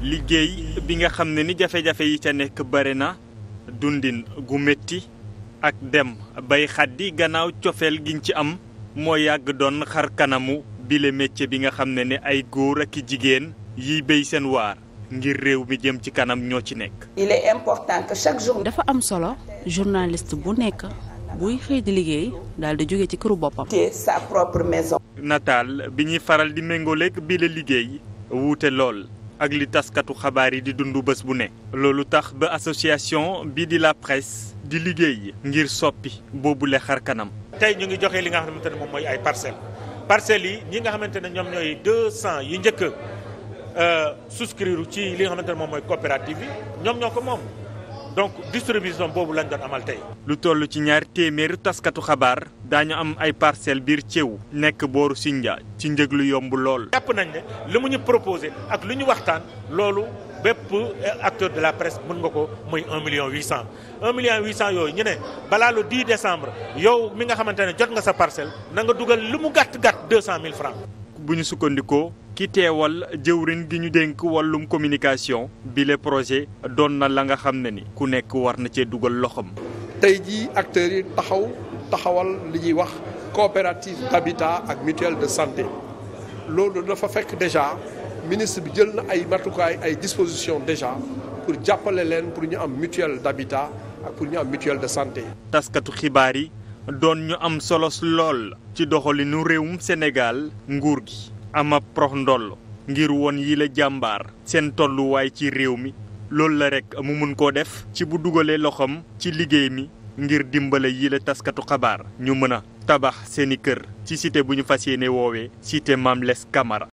liggéey bi nga xam ne ni jafe-jafe yi ca nekk bare na dundin gu métti ak dem bay xaddi gannaaw cofeel giñ ci am moo yàgg doon xar kanamu bile métier bi nga xam ne ne ay góor ak i jigéen yiy béy seen waar ngir réew mi jëm ci kanam ñoo ci nekk. dafa am solo journaliste bu nekk buy xëy di liggéey daal di jóge ci këru boppam. nataal bi ñuy faral di méngooleeg bile liggéey wuute lool. ak li taskatu xabaar yi di dundu bés bu ne. loolu tax ba association bii di la presse di liggéey ngir soppi boobule xar kanam. tey ñu ngi joxe li nga xamante ne moom mooy ay parcelles parcelles yi ñi nga xamante ne ñoom ñooy deux cent yi njëkk a euh, souscrire ci li nga xamante ne moom mooy coopérative yi ñoom ñoo ko moom. donc distribution boobu lañ doon amal tey. lu toll ci ñaari téeméeri taskatu xabaar daañu am ay parcelles biir Thièw nekk booru Sindia ci njëg lu yomb lool. jàpp nañ ne li mu ñu proposé ak li ñu waxtaan loolu bépp eh, acteur de la presse mën nga ko muy 1 million 800 1 million 800 yooyu ñu ne balaa le 10 décembre yow mi nga xamante ne jot nga sa parcelle na nga dugal li mu gàtt gàtt 200 000 francs bu ñu sukkandikoo. ki teewal jëwrin gi ñu dénk wàllum communication bi le projet doon na la nga xam ne ni ku nekk war na cee dugal loxoom tey jii acteurs yi taxaw taxawal li ñuy wax coopérative d'habitat ak mutuelle de santé loolu dafa fekk déjà ministre bi jël na ay matukaay ay dispositions déjà pour jàppale leen pour ñu am mutuelle d'habitat ak pour ñu am mutuelle de santé. taskatu xibaar yi doon ñu am solos lool ci doxalinu réewum Sénégal nguur gi. ama prox ndoll ngir won yii la jàmbaar seen tolluwaay ci réew mi loolu la rek mu mun koo def ci bu dugalee loxoom ci liggéey mi ngir dimbale yii la taskatu xabaar ñu mën a tabax seeni kër ci cité bu ñu fas yéene woowee cité Mame Less Camara